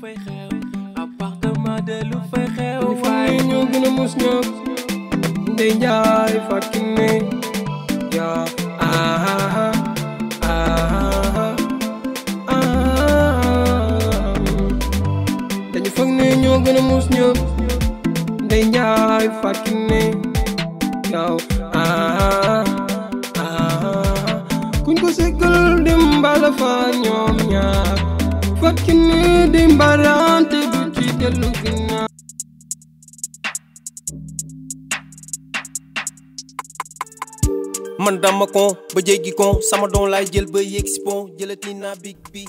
fay xew appartement de lu fay xew waaye ñoo gën a mus ñëpp ndey njaay fàkki ne yaa aha aha ah, ah, ah, dañu foog ne ñoo gën a mus ñëpp ndey njaay fàkki ne yow aha kuñ ko sekkal dem mbala fa ñoom ñaar ki ni di mbarante du man dama ba jéggi sama doom laay jël ba yegg si pon jëlati naa big bi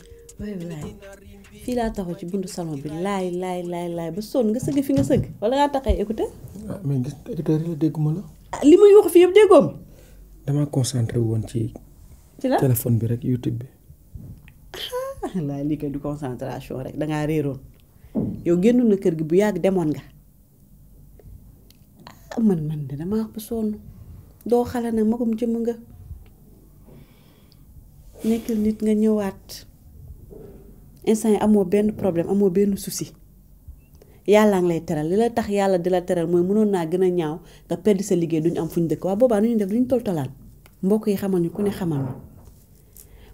fii laa taxaw ci buntu sama bi laay laay laay laay ba sonn nga sëgg fi nga sëgg wala ngaa tax ay écouteur. ah mais gis nga écouteur yi la dégguma la. Ah, li muy wax fii yëpp déggoom. damaa concentré woon ci. ci la téléphone bi rek YouTube bi. wallaay lii kay du concentration rek dangaa réeroon yow génnoon na kër gi bu yàgg demoon nga ah man man de damaa wax ba sonn doo xale nag magum jëm nga nekkal nit nga ñëwaat instant yi amoo benn problème amoo benn souci yàlla ngi lay teral li la tax yàlla di la teral mooy mënoon naa gën a ñaaw nga perdre sa liggéey duñu am fuñ dëkk waaw boobaa nu ñu def duñu toltolaan mbokk yi xamal ñu ku ne xamal ma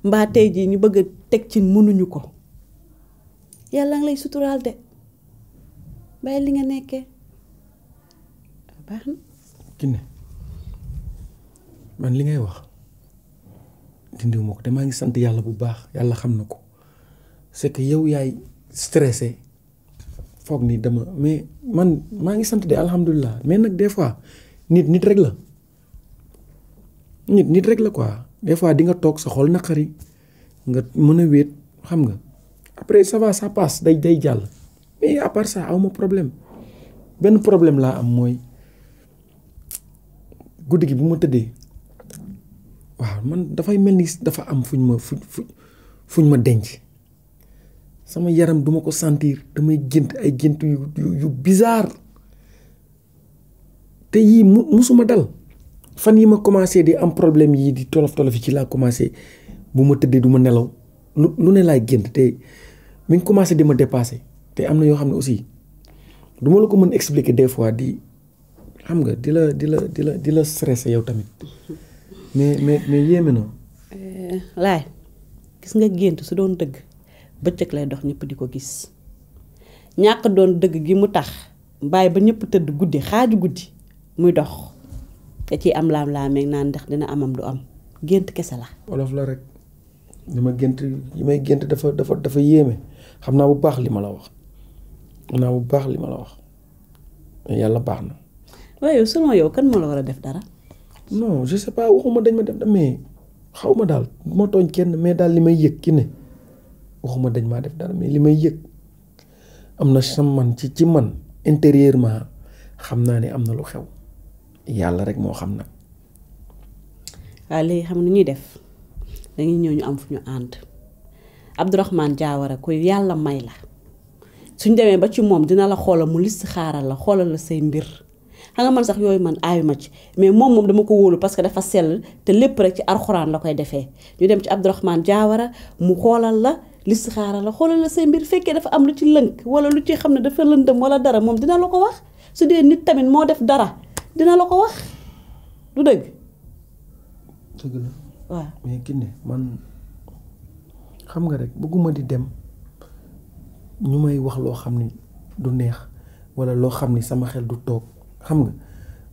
mbaa tey ji ñu bëgg a teg ci mënuñu ko yàlla nga lay suturaal de bàyyi li nga nekkee baax na kinne man li ngay wax dindiwuma ko te maa ngi sant yàlla bu baax yàlla xam na ko c'est que yow yaay stressé foog ni dama mais man maa ngi sant de alhamdulilah mais nag des fois nit nit rek la nit nit rek la quoi des fois di nga toog sa xol naqari nga mën a wéet xam nga après ça va ça passe day day jàll mais à part ça awma problème benn problème laa am mooy guddi gi bu ma tëddee waaw man dafay mel ni dafa am fuñ ma fuñ fuñ ma denc sama yaram duma ko sentir damay gént ay gént yu yu bizarre te yii mu musuma dal fan yi ma commencé di am problème yi di tolof tolof ci la commencé bu ma tëddee du ma nelaw lu lu ne laay gént te mi ngi commencé di ma dépassé te am na yoo xam ne aussi du ma la ko mën expliquer des fois di xam nga di la di la di la di la stressé yow tamit mais mais mais yéeme na. Euh, laay gis nga gént su doon dëgg bëccëg lay dox ñëpp di ko gis ñàkk doon dëgg gi mu tax bàyyi ba ñëpp tëdd guddi xaaju guddi muy dox. da ciy am laam-laameeg naan ndax dina amam du am gént kese la. wolof la rek li ma gént li may gént dafa dafa dafa yéeme xam naa bu baax li ma la wax xam naa bu baax li ma la wax yàlla baax na. waaye selon yow kan moo la war a def dara. non je sais pas dañ ma def xaw ma daal bu ma tooñ kenn mais daal li may yëg ki ne waxuma dañ maa def dara mais li may yëg am na sam man ci ci man intérieurement xam naa ne am na lu xew. yàlla rek moo xam nag. waaw léegi xam nu ñuy def dañuy ñëw ñu am fu ñu ànd Abdourahmane Diawara ku yàlla may la suñ demee ba ci moom dina la xoolal mu list xaaral la xoolal la say mbir xam nga man sax yooyu man aayu ma ci mais moom moom dama ko wóolu parce que dafa sell te lépp rek ci arxuraan la koy defee ñu dem ci Abdourahmane Diawara mu xoolal la. listixaara la xoolal la say mbir fekkee dafa am lu ci lënk wala lu ci xam ne dafa lëndëm wala dara moom dina la ko wax su dee nit tamit moo def dara dina la ko wax du dëgg. dëgg la. man xam nga rek bëgguma di dem ñu may wax loo xam ni du neex walla loo xam ni sama xel du toog xam nga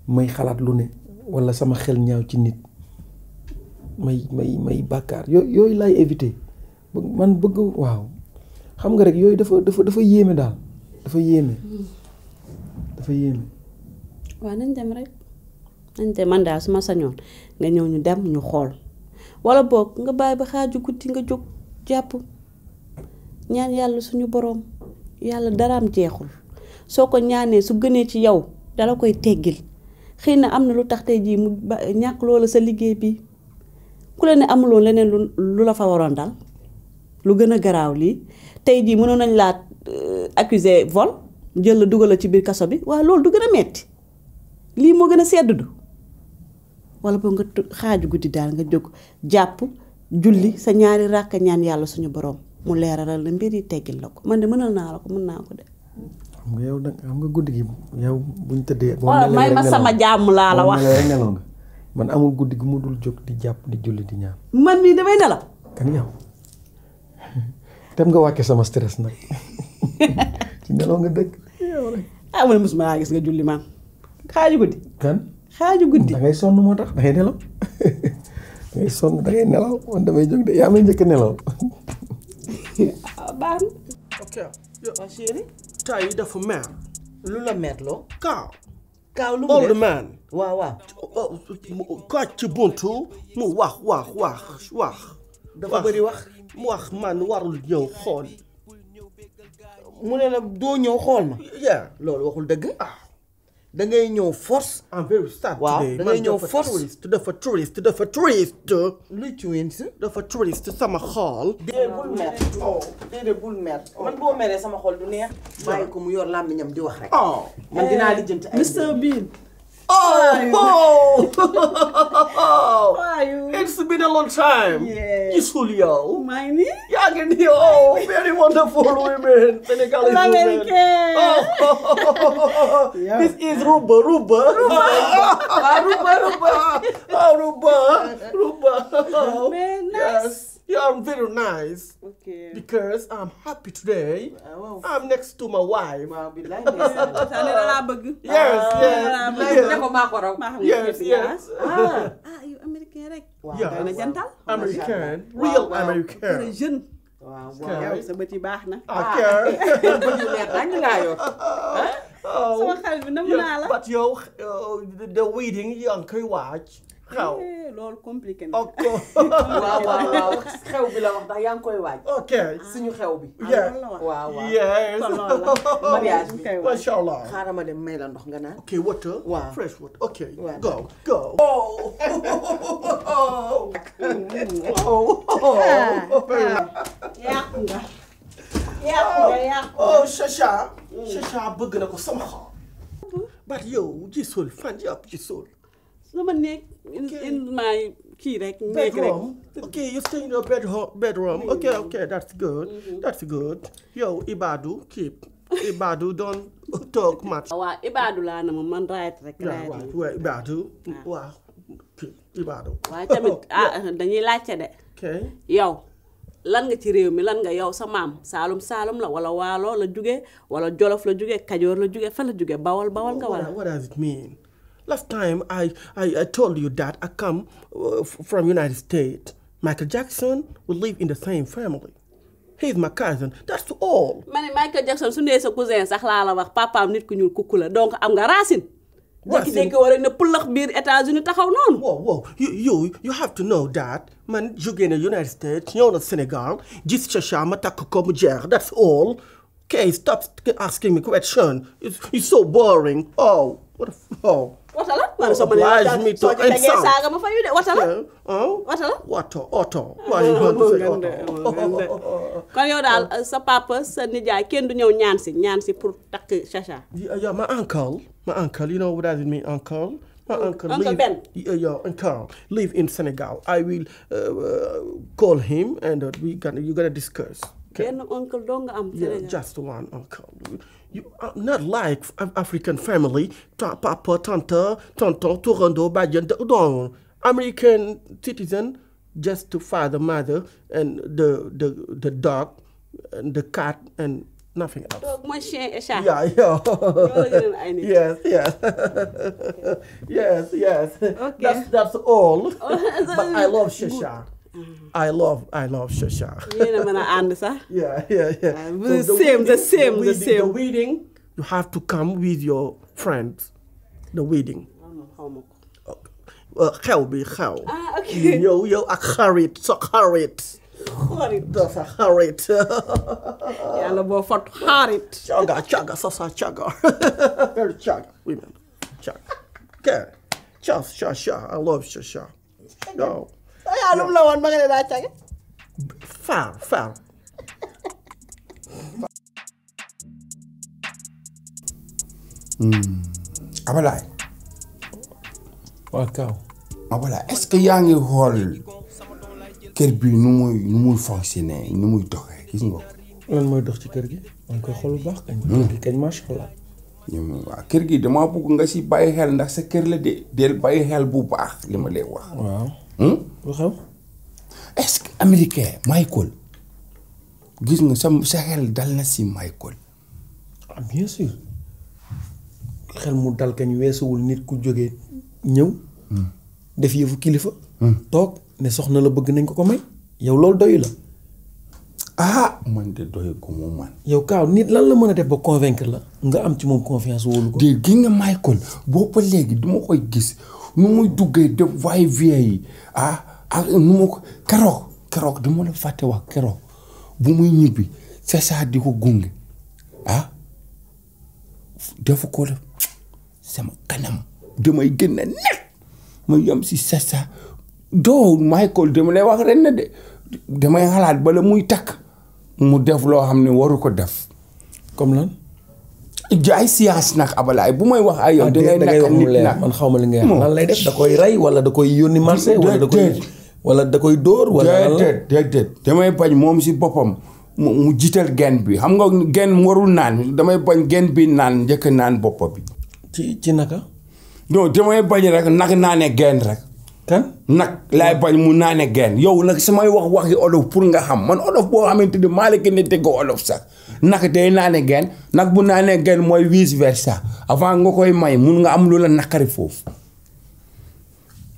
may xalaat lu ne walla sama xel ñaaw ci nit may may may bàkkaar yooyu yooyu laay éviter man bëgg waaw xam nga rek yooyu dafa dafa dafa yéeme daal dafa yéeme hmm. dafa yéeme. waa nañ dem rek nañ dem man daal su ma sañoon nga ñëw ñu dem ñu xool wala boog nga bàyyi ba xaaju guddi nga jóg jàpp ñaan yàlla suñu boroom yàlla dara am jeexul soo ko ñaanee su gënee ci yow dala koy teggil xëy na am na lu tax tey jii mu ñàkk loola sa liggéey bi ku la ne amuloon leneen lu la fa waroon dal lu gën a garaaw lii tey jii mënoon nañ laa euh, accuser vol jël la dugal ci biir kaso bi waaw loolu du gën a metti li mo gëna duduk sedd du wala bo nga xaju guddi daal nga jog japp julli sa ñaari ràkk ñaan yalla suñu borom mu leeralal la mbir yi teggil lako man de mënal na lako mën na ko de. xam nga yow nak xam nga guddi gi yow buñ tëddee. may ma sama jàmm la la wax man amul guddi gi mu dul jog di japp di julli di ñaan. man mi damay nelaw. kan yow tem nga wàcce sama stress nak ci nelaw nga dëkk amul musuma ah gis nga julli man xaaju guddi. kan sonn moo tax da nelaw da sonn da nelaw man damay jóg de yaa may njëkk nelaw. baax na. ok. waa dafa meer. lu la meerloo. kaaw. kaaw lu mu old man. waaw waaw. Oh, kaaj ci buntu mu wax wax wax wax. dafa bëri wax. mu wax man warul ñëw xool. mu ne la doo ñëw xool ma. loolu waxul dëgg. Ah. da ngay ñëw force. en vrai start today da ngay ñëw force dafa touriste dafa touriste. luy touriste dafa touriste sama xol. déedéet bul mer oh déedéet bul mer man boo meree sama xol du neex. bàyyi ko mu yor làmmiñam di wax rek. Ah. man dinaa lijjanti ay. Mr Bean. Oh, oh. it's been a long time. Yes. It's Julio. Mine? Yeah, can Oh, very wonderful women. Senegalese women. Oh, Yeah. This is Ruba, Ruba. Ruba. Ah, Ruba, Ruba. Ah, Ruba, Ruba. Ruba. Ruba. Yes. You are very nice. Okay. Because I'm happy today. I'm next to my wife. I'll be like this. yes, yes. Yes, yes. yes. Ah, ah, you American, right? Wow. Yes. Gentle? American. Wow. Real wow. American. Wow. Jeune. Wow, wow. Ah. Yow but bët yi But the wedding you can watch. xaw eh, loolu compliqué na. ok waaw waaw waaw xew bi la wax ndax yaa ngi koy waaj. ok suñu xew bi. Ah, waaw waaw yes mariage bi macha allah. xaaral ma dem may la ndox nga naan. ok water. waaw fresh water ok. go go. Oh. yàqu nga. yàqu nga yàqu nga. oh, oh Chacha. Mm. Chacha bëgg na ko sama xol. but yow gisul fan yëpp gisul. sama néeg in my kii rek néeg rek okay you bedroom mm-hmm. okay okay that's good mm-hmm. good yow Ibadou keep Ibadou don't talk much waaw laa na ma man right rek right waaw Ibadou ah, dañuy laajte de yow lan nga ci réew mi lan nga yow sa maam saalum saalum la wala waalo la jóge wala jolof la jóge kajoor la jóge fa la jóge bawal bawal nga wala what does it mean Last time I, I, I told you that I come uh, from United States. Michael Jackson will live in the same family. He's my cousin. That's all. ma Michael Jackson su nee sa cousin sax laa la wax papaam nit ku ñuul kukku la donc am nga racine. racine jékki-jékki war a ne biir États-Unis taxaw noonu. wow wow you you you have to know that man jógee na United States ñëw na Sénégal gis Chacha ma takk ko mu jeex that's all. Okay, stop asking me question. It's, it's so boring. Oh, what a, oh. wata la wala soo mënee wala soo saaga ma fayu de wata la. wata la wato oto. kon yow daal sa papa sa nijaay kenn du ñëw ñaan si ñaan si pour takk chacha. yeah my uncle my uncle you know what that hmm, uncle. live in Senegal I will uh, uh, call him and uh, we can you discuss. benn uncle doo nga am. Sénégal just one uncle. you are uh, not like an African family, papa, tante, tonton, turando, bajan, no. American citizen, just to father, mother, and the, the, the dog, and the cat, and nothing else. Dog, my chien, eh, Yeah, yeah. yes, yes. yes, yes. Okay. That's, that's all. Oh, but I love Shesha. Mm-hmm. I love I love Shasha. You know, I understand. yeah, yeah, yeah. Uh, so the same, weeding, the same, the, weeding, the same. The wedding, you have to come with your friends. The wedding. Well, how be how? Ah, Okay. Yo, yo, a carrot, so carrot, carrot, Dat carrot. Yeah, Ja, dat wordt van harrit. Chaga, chaga, sasa, chaga. Very chaga, women. Chaga. Okay. Chas, shasha, I love shasha. No. lum la woon ba nga ne daa cage faaw faaw hmm. abalaay est-ce que yaa ngi xool kër bi nu muy nu muy fonctionné nu muy doxee gis nga ko lan mooy dox ci kër gi man koy xool bu baax kañ hmm. kañ macha allah kër gi damaa bëgg nga si bàyyi xel ndax sa kër la de del bàyyi xel bu baax li ma lay wax waaw waxaw hmm? est-ce que Michael gis nga sa sa xel dal na si Michael. ah bien sûr xel mu dal kañ weesuwul nit ku jógee ñëw. Hmm. def yëfu kilifa. Hmm. toog ne soxna la bëgg nañ ko ko may. yow loolu doyu la. ah man de doyu ko moom man. yow kaaw nit lan la mën a def ba convaincre la. nga am ci moom confiance wóolu ko. dégg nga Michael boo ba léegi duma koy gis. nu muy duggee de waaye vie yi ah ah nu mu ko keroog keroog du ma la fàtte wax keroog bu muy ñibbi sa saa di ko gunge ah dafa ko def sama kanam damay gën a nekk ma yem si sa saa doo Michael dama lay wax ren na de damay xalaat bala muy takk mu def loo xam ne waru ko def comme lan. ay science nag abalaay bu may wax ay yow ah, dangay nekk nit nag man xaw ma li ngay wax lay def da koy rey wala da koy yónni marché wala da koy wala da koy dóor wala déedéet damay bañ moom si boppam mu jiital genn bi xam nga genn warul naan damay bañ genn bi naan njëkk naan bopp bi ci ci naka non damay bañ rek nag naanee genn rek kan nag laay bañ mu naane geen yow nag samay wax wax yi olof pour nga xam man olof boo xamante ni maa la gën a dégg olof sax nag day naane geen nag bu naanee geen mooy vice versa avant nga koy may mun nga am lu la naqari foofu.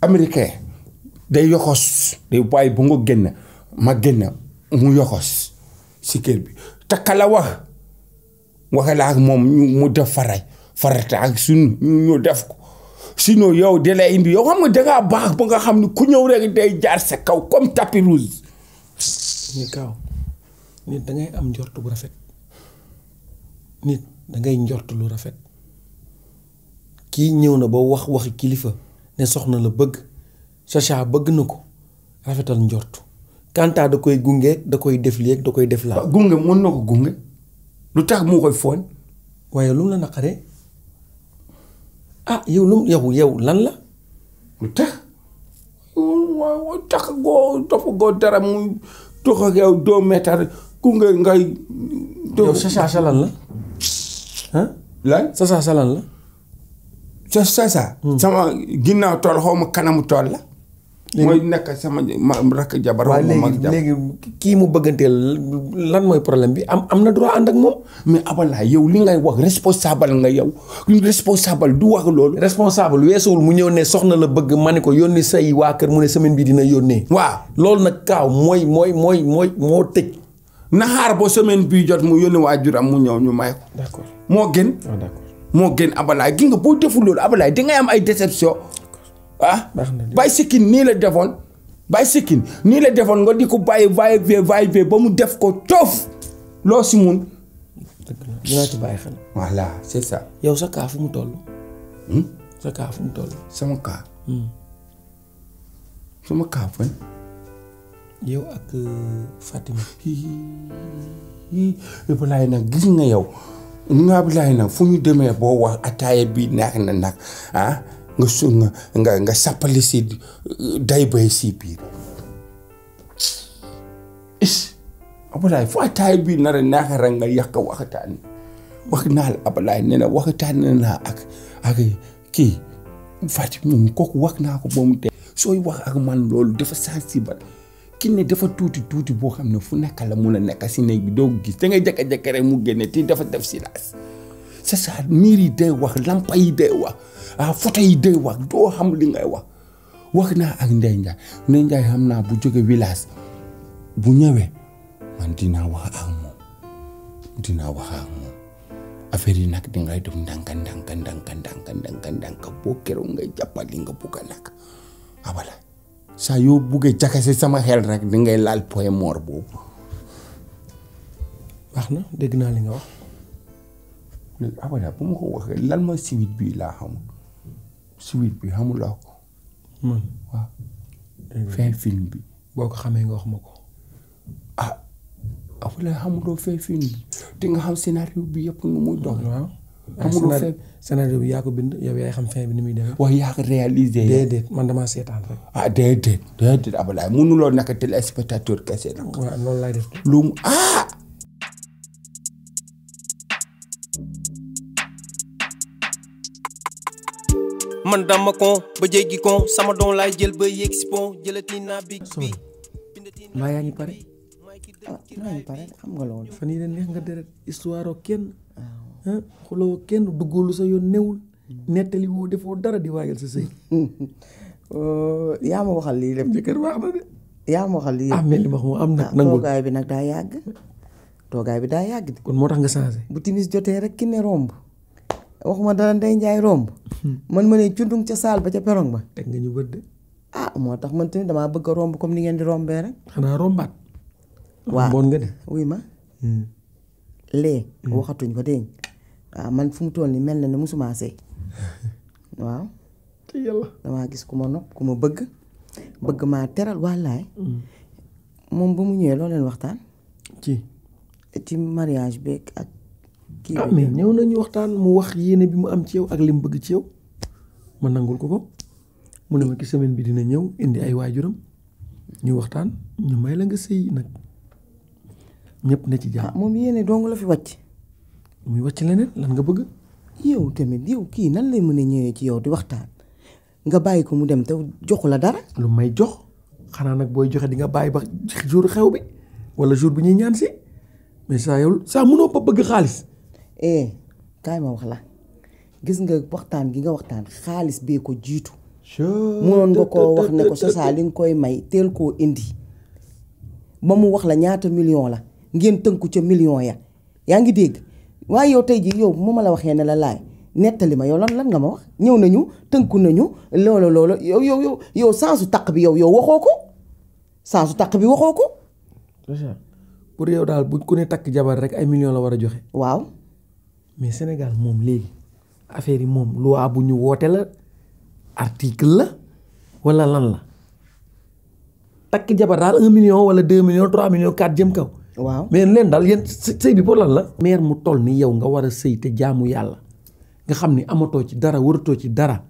américain day yokkos day bàyyi bu nga génn ma génn mu yokos si kër bi te kala wax waxee la ak moom mu def faray farata ak suñu ñu def ko. sinon yow di lay indi yow xam nga dangaa baax ba nga xam ne ku ñëw rek day jaar sa kaw comme tapis rouge. ni kaaw nit da am njort bu rafet nit dangay ngay njort lu rafet kii ñëw na ba wax waxi kilifa ne soxna la bëgg Chacha bëgg na ko rafetal njort. Kanta da koy gunge da koy def léeg da koy def laa. gunge mën na ko gunge lu tax moo koy foon. waaye lu mu la naqaree. ah yow lu yow yow lan la lu tax waaw tax goo topp goo dara mu tux yow doo meetar ku nga ngay yow sasa salan la ah lan sasa salan la sa sasa hmm. sama ginnaaw tool xaw kanamu tool la mooy nekk sama rakk jabar waaw léegi kii mu bëgganteel lan mooy problème bi am am na droit ànd ak moom mais abala yow li ngay wax responsable nga yow responsable du wax loolu responsable weesuwul mu ñëw ne soxna la bëgg ma ne ko yónni say waa kër mu ne semaine bi dina yónnee waa loolu nag kaaw mooy mooy mooy mooy moo tëj naxaar ba semaine bi jot mu yónni am mu ñëw ñu may moo gën ah, moo gën abalaay gi nga boo deful loolu abalaay dangay am ay déception ah bàyyi sikkin nii la defoon bàyyi sikkin nii la defoon nga di ko bàyyi vaille vie ba mu def ko coof loo si mun dinaa ci yow sa kaa fu mu toll hmm? sa hmm. euh, nag gis nga yow nga Abdoulaye nag fu ñu demee boo wax ataaya bi naax na nag ah? nga su nga nga nga si uh, day bay si biir is abalaay foo taay bii nar a naaxara nga yàq waxtaan wax naa la abalaay nee na waxtaan ne naa ak ak kii Fati moom kooku wax naa ko ba mu dee sooy wax ak man loolu dafa sensible ki ne dafa tuuti tuuti boo xam ne fu nekk la mun a nekk si néeg bi doo gis da ngay jëkka-jëkka rek mu génne ti dafa def si sasa miri day wax lampa yi day wax ah photo yi day wax do xam li ngay wax wax na ak ndey njaay ndey njaay xam na bu jóge village bu ñëwee man dina wax ak mo dina wax ak mo affaire yi di ngay kan, def ndànka ndànka ndànka ndànka ndànka ndànka bo keroog ngay jàppal li nga bugg a nag abala saa yoo buggee jakase sama xel rek di ngay lal point mort bo wax na na li nga wax léegi abada ah, bu lan mooy suite bi laa xam suite bi xamuloo ko. man waaw. fin film bi. boo ko xamee nga ko. ah abada ah, xamuloo fin film bi te nga xam scénario bi yëpp nu muy dox. waaw bi yaa ko bind yow yaay xam fin bi ni muy demee. waaw yaa ko réalisé. déedéet man damaa seetaan rek. ah déedéet déedéet abada ah, mënuloo nekk téléspectateur kese nag. waaw loolu laay def. lu mu man dama kon ba jéggi kon sama doom laay jël ba yéeg si pont jëlati naa big bi mbaa yaa ngi pare ah maa ngi pare xam nga loolu fan yii neex nga deret histoire oo kenn ah. Ah, xuloo kenn duggoolu sa yoon newul nettali woo defoo dara di waajal sa sëy oh, yaa ma waxal lii dem jëkkër baax na de yaa ma waxal lii ah mel ni ma am nag ah, nangul toogaay bi nag daa yàgg toogaay bi daa yàgg di kon moo tax nga changé bu timis jotee rek ki ne romb waxuma dara ndey njaay romb hmm. man ma ne cundung ca saal ba ca perong ba teg nga ñu bët ah mau tax man tamit dama bëgg a romb comme ni ngeen di rombee rek xanaa rombaat waaw ah, bon nga de oui ma hmm. lee hmm. waxatuñ ko dégg ah man fu mu toll ni mel na ne musuma sëy waaw ci yàlla damaa gis ku ma nopp ma bëgg bëgg maa teral wallaay moom mu ñëwee loo leen waxtaan ci ci mariage beeg ak kii ah mais ñëw nañu waxtaan mu wax yéene bi mu am ci yow ak li mu bëgg ci yow ma nangul ko ko mu ne ma ki semaine bi dina ñëw indi ay waajuram ñu waxtaan ñu may la nga sëy nag ñëpp ne ci jàmm. Ah, moom yéene dong la fi wàcc. muy wàcc leneen lan nga bëgg. yow tamit yow kii nan lay mën a ñëwee ci yow di waxtaan nga bàyyi ko mu dem te joxu la dara. lu may jox xanaa nag booy joxe di nga bàyyi ba jour xew bi wala jour bi ñuy ñaan si mais saa yow saa mënoo bëgg xaalis. Eh, kaay ma wax la gis nga waxtaan gi nga waxtaan xaalis bee ko jiitu. mënoon nga koo wax ne ko sosaa li nga koy may teel koo indi. ba mu wax la ñaata million la ngeen tënku ca million ya yaa ngi dégg waaye yow tey jii yow mu ma la waxee ne la laay nettali ma yow lan lan nga ma wax ñëw nañu tënku nañu loolo loolo yow yow yow yow sansu taq bi yow yow waxoo ko sansu taq bi waxoo ko. pour yow daal bu ku ne takk jabar rek ay million la war a joxe. waaw. mais Sénégal moom léegi affaire yi moom loi bu ñu woote la article la wala lan la takk jabar daal un million wala deux millions trois millions quatre jëm kaw. waaw mais leen daal yéen sëy bi pour la. meer mu toll ni yow nga war a sëy jaamu yàlla nga xam ni amatoo ci dara waratoo ci dara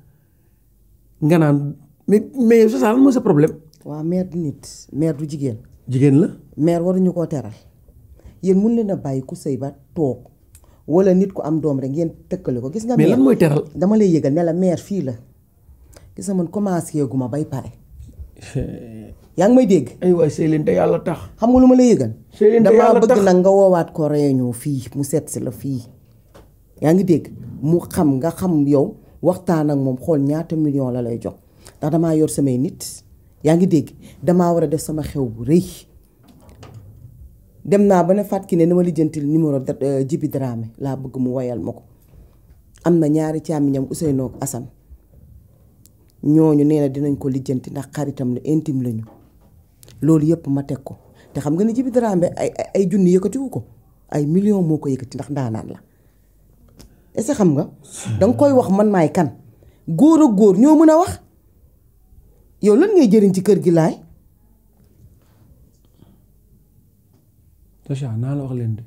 nga naan mais mais c'est ça sa problème. waaw meer du nit meer du jigéen. jigéen la. mair waruñu koo teral yéen mun leen a bàyyi ku sëy ba toog. wala nit ku am doom rek ngeen tëkkale ko. gis nga mais lan mooy teral dama lay yëgal ne la mère fii la gis nga man commencé gu ma bay pare. yaa ngi may dégg. aywa sëy leen te yàlla tax. xam nga lu ma lay yëgal. sëy leen te yàlla damaa bëgg nag nga woowaat ko réunion fii mu seet si la fii. yaa ngi dégg mu xam nga xam yow waxtaan ak moom xool ñaata million la lay jox ndax damaa yor samay nit yaa ngi dégg damaa war a def sama xew bu rëy. dem naa ba ne Fatou Kiné ne ma lijjantil numéro euh, Djiby Dramé laa bëgg mu woyal ma ko am na ñaari càmmiñam Ousseynou ak Assane ñooñu nee na dinañ ko lijjanti ndax xaritam la intime lañu loolu yëpp ma teg ko te xam nga ne Djiby Dramé ay ay junni yëkkatiwu ko ay million moo ko yëkkati ndax ndaanaan la est xam nga danga koy wax man maay kan góor ak góor ñoo mën a wax yow lan ngay jëriñ ci kër gi laay Tosha naa la wax leen de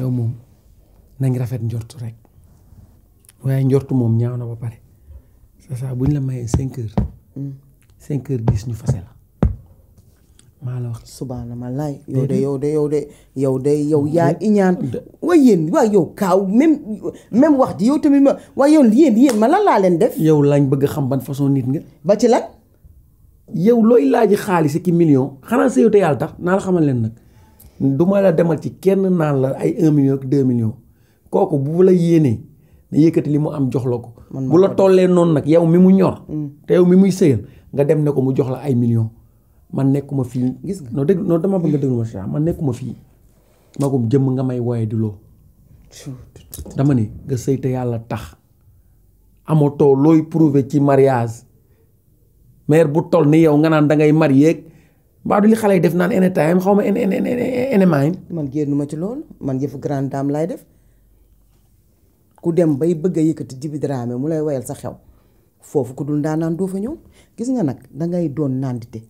yow moom nañ rafet njort rek waaye njortu moom ñaaw na ba pare c'est ça bu ñu la mayee cinq heures hmm. cinq heures dix ñu fase la maa la wax subaana ma laay yow de yow de yow de yow de yow yaa iñaan waaye yéen waaye yow kaaw même même wax di yow tamit ma waaye yow yéen yéen ma la laa leen def yow lañ bëgg xam ban façon nit nga ba ci lan yow looy laaj xaalis ki million xanaa sa yàlla tax naa la xamal leen nag du ma la demal ci kenn naan la ay 1 million ak 2 million kooku bu la yéenee na yëkkati li mu am jox la ko. bu la tollee noonu nag yow mi mu ñor. Mm. te yow mi muy sëyal nga dem ne ko mu jox la ay million man nekkuma fii. gis nga non dégg non dama bëgg nga déglu ma si ma nekkuma fii magum jëmm nga may wooye di loo. dama ne nga sëy yàlla tax amatoo looy prouver ci mariage. maire bu toll ni yow nga naan da ngay mar yéeg mbaa du li xale yi def naan any time xaw ma any any time man génn ma ci loolu man yëfu grande dame lay def ku dem bay bëgg a yëkkati Djiby Dramé mu lay woyal sa xew foofu ku dul ndaanaan doo fa ñëw gis nga nag dangay doon nandite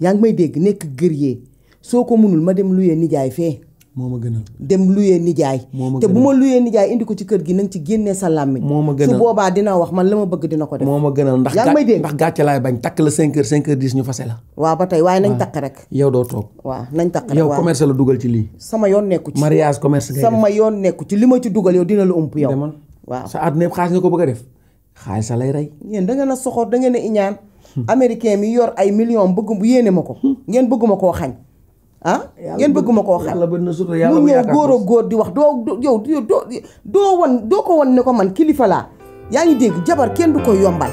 yaa ngi may dégg nekk gër yee soo ko mënul ma dem luyee nijaay fee moo ma gënal dem luyee nijaay te bu ma luyee nijaay indi ko ci kër gi na nga ci génnee sa làmmiñ moo ma gënal su boobaa dina wax man la ma bëgg dina ko def ma gënal ndax yaa may dégg ndax gàcce laay bañ takk la 5 heures 5 heures 10 ñu fase la waaw ba tey waaye nañ takk rek yow doo toog waaw nañ takk rek yow commerce la dugal ci lii sama yoon nekku ci mariage commerce ngay sama yoon nekku ci li ma ci dugal yow dina la ump yow demal waaw sa àdduna yëpp xaalis nga ko bëgg a def xaalis lay rey yéen da ngeen a soxor da ngeen a iñaan hmm. américain mi yor ay million bëgg bu ma ko hmm. ngeen bëgg koo xañ ah ngeen bëgguma ko bëna koo yalla mu ñëw góor a di wax do yow do do won do ko won ne ko man kilifa la yaa ngi dégg jabar kenn du ko yombal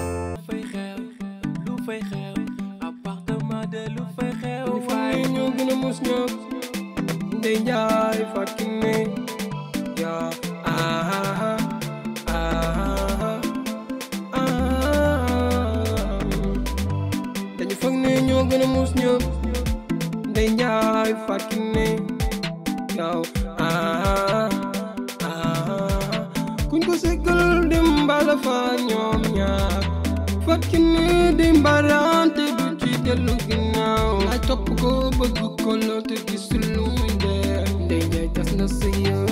dañu foog ne ñoo gën a my fucking name. Yo, ah, ah. ah. Kunko se sekkal dimbala fa ñoom ñaar. Fucking ni dimbalante du ci dellu ginnaaw. ko bëgg ko loo te gisul lu muy tas na sa